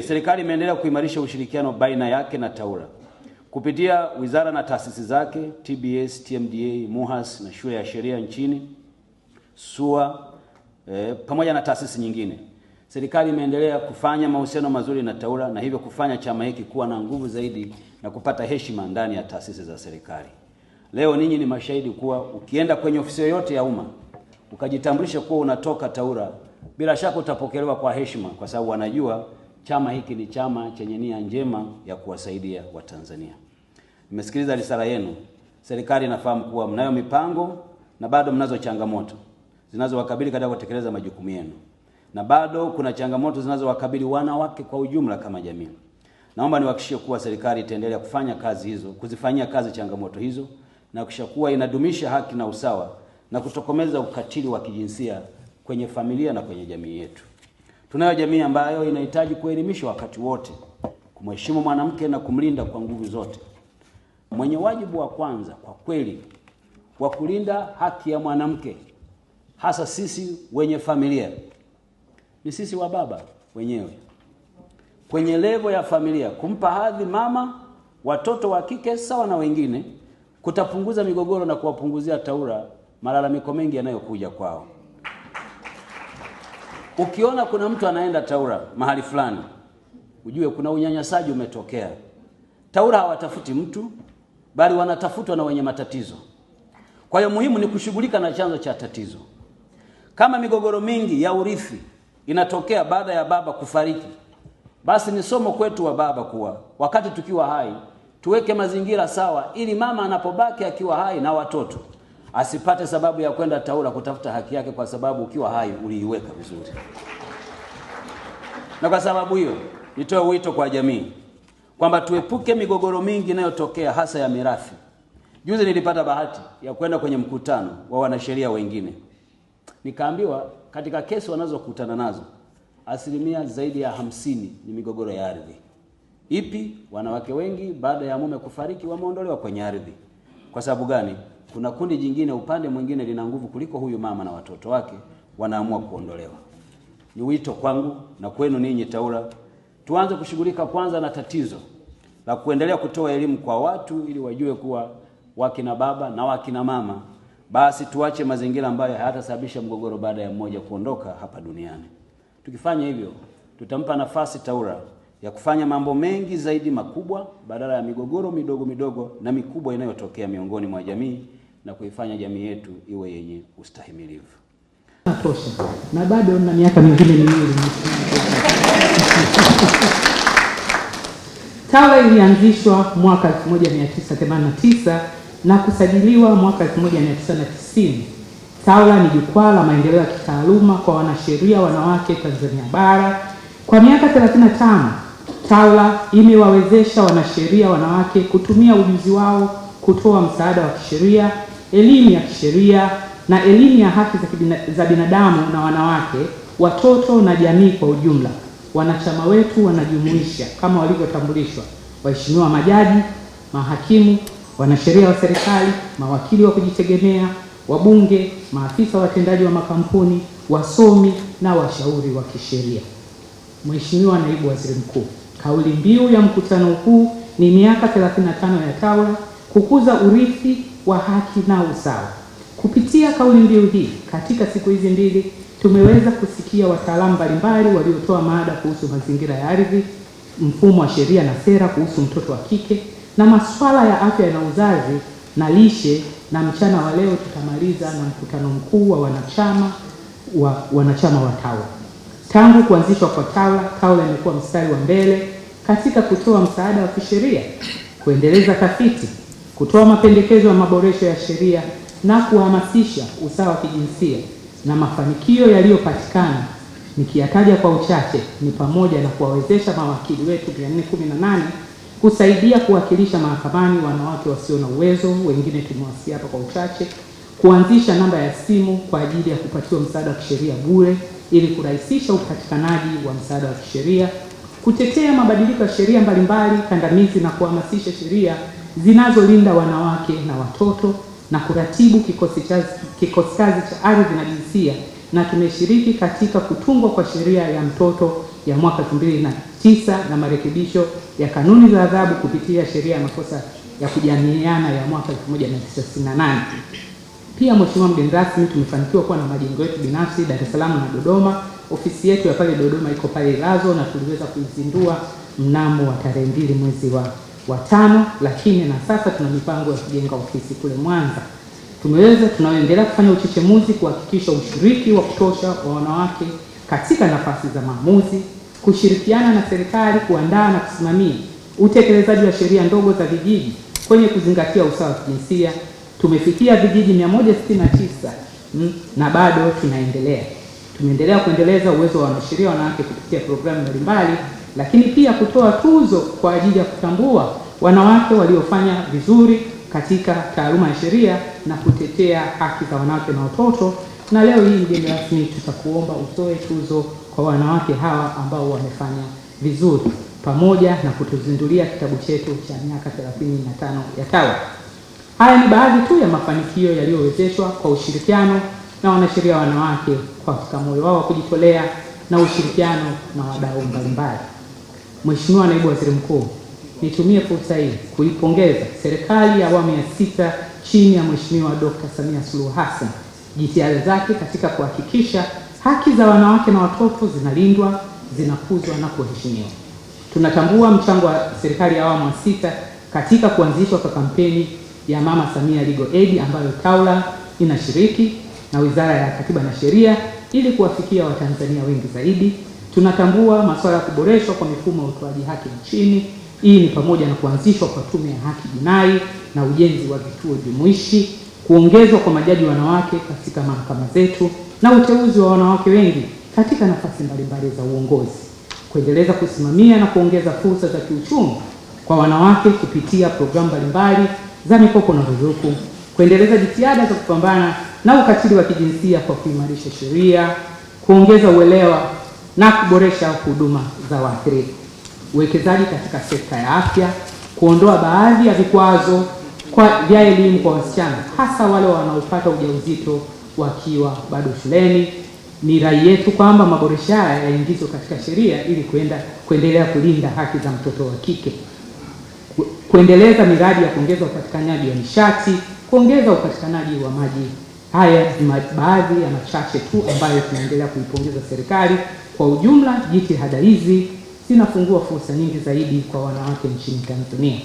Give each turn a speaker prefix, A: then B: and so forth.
A: Serikali imeendelea kuimarisha ushirikiano baina yake na TAWLA kupitia wizara na taasisi zake TBS, TMDA, MUHAS na shule ya sheria nchini SUA, eh, pamoja na taasisi nyingine. Serikali imeendelea kufanya mahusiano mazuri na TAWLA na hivyo kufanya chama hiki kuwa na nguvu zaidi na kupata heshima ndani ya taasisi za serikali. Leo ninyi ni mashahidi kuwa ukienda kwenye ofisi yoyote ya umma ukajitambulisha kuwa unatoka TAWLA, bila shaka utapokelewa kwa heshima, kwa sababu wanajua Chama hiki ni chama chenye nia njema ya kuwasaidia Watanzania. Nimesikiliza risala yenu. Serikali inafahamu kuwa mnayo mipango na bado mnazo changamoto zinazowakabili katika kutekeleza majukumu yenu, na bado kuna changamoto zinazowakabili wanawake kwa ujumla kama jamii. Naomba niwahakikishie kuwa serikali itaendelea kufanya kazi hizo, kuzifanyia kazi changamoto hizo na kuhakikisha kuwa inadumisha haki na usawa na kutokomeza ukatili wa kijinsia kwenye familia na kwenye jamii yetu. Tunayo jamii ambayo inahitaji kuelimishwa wakati wote, kumheshimu mwanamke na kumlinda kwa nguvu zote. Mwenye wajibu wa kwanza kwa kweli wa kulinda haki ya mwanamke, hasa sisi wenye familia, ni sisi wa baba wenyewe kwenye levo ya familia. Kumpa hadhi mama watoto wa kike sawa na wengine kutapunguza migogoro na kuwapunguzia taura malalamiko mengi yanayokuja kwao. Ukiona kuna mtu anaenda TAWLA mahali fulani, ujue kuna unyanyasaji umetokea. TAWLA hawatafuti mtu, bali wanatafutwa na wenye matatizo. Kwa hiyo muhimu ni kushughulika na chanzo cha tatizo. Kama migogoro mingi ya urithi inatokea baada ya baba kufariki, basi ni somo kwetu wa baba kuwa wakati tukiwa hai tuweke mazingira sawa, ili mama anapobaki akiwa hai na watoto asipate sababu ya kwenda taula kutafuta haki yake, kwa sababu ukiwa hai uliiweka vizuri. Na kwa sababu hiyo, nitoe wito kwa jamii kwamba tuepuke migogoro mingi inayotokea hasa ya mirathi. Juzi nilipata bahati ya kwenda kwenye mkutano wa wanasheria wengine, nikaambiwa katika kesi wanazokutana nazo asilimia zaidi ya hamsini ni migogoro ya ardhi. Ipi? Wanawake wengi baada ya mume kufariki wameondolewa kwenye ardhi. Kwa sababu gani? kuna kundi jingine upande mwingine lina nguvu kuliko huyu mama na watoto wake, wanaamua kuondolewa. Ni wito kwangu na kwenu ninyi TAWLA, tuanze kushughulika kwanza na tatizo la kuendelea kutoa elimu kwa watu ili wajue kuwa wakina baba na wakina mama, basi tuache mazingira ambayo hayatasababisha mgogoro baada ya mmoja kuondoka hapa duniani. Tukifanya hivyo, tutampa nafasi TAWLA ya kufanya mambo mengi zaidi makubwa badala ya migogoro midogo midogo na mikubwa inayotokea miongoni mwa jamii na kuifanya jamii yetu iwe yenye ustahimilivu.
B: Na bado na miaka mingine miwili TAWA ilianzishwa mwaka 1989 na kusajiliwa mwaka 1990. TAWLA ni jukwaa la maendeleo ya kitaaluma kwa wanasheria wanawake Tanzania bara. Kwa miaka 35, TAWLA imewawezesha wanasheria wanawake kutumia ujuzi wao kutoa msaada wa kisheria elimu ya kisheria na elimu ya haki za binadamu na wanawake, watoto na jamii kwa ujumla. Wanachama wetu wanajumuisha kama walivyotambulishwa waheshimiwa majaji, mahakimu, wanasheria wa serikali, mawakili wa kujitegemea, wabunge, maafisa watendaji wa makampuni, wasomi na washauri wa kisheria. Mheshimiwa Naibu Waziri Mkuu, kauli mbiu ya mkutano huu ni miaka 35 ya TAWLA kukuza urithi wa haki na usawa. Kupitia kauli mbiu hii, katika siku hizi mbili tumeweza kusikia wataalamu mbalimbali waliotoa mada kuhusu mazingira ya ardhi, mfumo wa sheria na sera kuhusu mtoto wa kike na masuala ya afya na uzazi na lishe, na mchana wa leo tutamaliza na mkutano mkuu wa wanachama wa wanachama wa TAWLA. Tangu kuanzishwa kwa TAWLA, TAWLA imekuwa mstari wa mbele katika kutoa msaada wa kisheria, kuendeleza tafiti kutoa mapendekezo ya maboresho ya sheria na kuhamasisha usawa wa kijinsia. Na mafanikio yaliyopatikana nikiyataja kwa uchache ni pamoja na kuwawezesha mawakili wetu 418 kusaidia kuwakilisha mahakamani wanawake wasio na uwezo, wengine tumewasikia hapa kwa uchache, kuanzisha namba ya simu kwa ajili ya kupatiwa msaada wa kisheria bure ili kurahisisha upatikanaji wa msaada wa kisheria, kutetea mabadiliko ya sheria mbalimbali kandamizi na kuhamasisha sheria zinazolinda wanawake na watoto na kuratibu kikosi kazi cha ardhi na jinsia, na tumeshiriki katika kutungwa kwa sheria ya mtoto ya mwaka 2009 na marekebisho ya kanuni za adhabu kupitia sheria ya makosa ya kujamiiana ya mwaka 1998. Pia Mheshimiwa mgeni rasmi, tumefanikiwa kuwa na majengo yetu binafsi Dar es Salaam na Dodoma. Ofisi yetu ya pale Dodoma iko pale Ilazo na tuliweza kuizindua mnamo wa tarehe mbili mwezi wa watano, lakini na sasa tuna mipango ya kujenga ofisi kule Mwanza. Tumeweza tunaendelea kufanya uchechemuzi kuhakikisha ushiriki wa kutosha wa wanawake katika nafasi za maamuzi, kushirikiana na serikali kuandaa na kusimamia utekelezaji wa sheria ndogo za vijiji kwenye kuzingatia usawa wa kijinsia. Tumefikia vijiji 169 mm, na bado tunaendelea. Tumeendelea kuendeleza uwezo wa wanasheria wanawake kupitia programu mbalimbali lakini pia kutoa tuzo kwa ajili ya kutambua wanawake waliofanya vizuri katika taaluma ya sheria na kutetea haki za wanawake na watoto. Na leo hii mgeni rasmi, tutakuomba utoe tuzo kwa wanawake hawa ambao wamefanya vizuri, pamoja na kutuzindulia kitabu chetu cha miaka 35 ya TAWA. Haya ni baadhi tu ya mafanikio yaliyowezeshwa kwa ushirikiano na wanasheria wanawake kwa moyo wao wa kujitolea na ushirikiano na wadau mbalimbali. Mheshimiwa Naibu Waziri Mkuu, nitumie fursa hii kuipongeza serikali ya awamu ya sita chini ya Mheshimiwa Dkt. Samia Suluhu Hassan jitihada zake katika kuhakikisha haki za wanawake na watoto zinalindwa, zinakuzwa na kuheshimiwa. Tunatambua mchango wa serikali ya awamu ya sita katika kuanzishwa kwa kampeni ya Mama Samia Legal Aid ambayo TAWLA inashiriki na Wizara ya Katiba na Sheria ili kuwafikia Watanzania wengi zaidi. Tunatambua masuala ya kuboreshwa kwa mifumo ya utoaji haki nchini. Hii ni pamoja na kuanzishwa kwa tume ya haki jinai na ujenzi wa vituo jumuishi, kuongezwa kwa majaji wanawake katika mahakama zetu na uteuzi wa wanawake wengi katika nafasi mbalimbali za uongozi, kuendeleza kusimamia na kuongeza fursa za kiuchumi kwa wanawake kupitia programu mbalimbali za mikopo na ruzuku, kuendeleza jitihada za kupambana na ukatili wa kijinsia kwa kuimarisha sheria, kuongeza uelewa na kuboresha huduma za waathirika, uwekezaji katika sekta ya afya, kuondoa baadhi ya vikwazo kwa vya elimu kwa wasichana, hasa wale wanaopata ujauzito wakiwa bado shuleni. Ni rai yetu kwamba maboresho haya yaingizwe katika sheria ili kuenda kuendelea kulinda haki za mtoto wa kike, kuendeleza miradi ya kuongeza upatikanaji wa nishati, kuongeza upatikanaji wa maji. Haya ni baadhi ya machache tu ambayo tunaendelea kuipongeza serikali. Kwa ujumla, jitihada hizi zinafungua fursa nyingi zaidi kwa wanawake nchini Tanzania.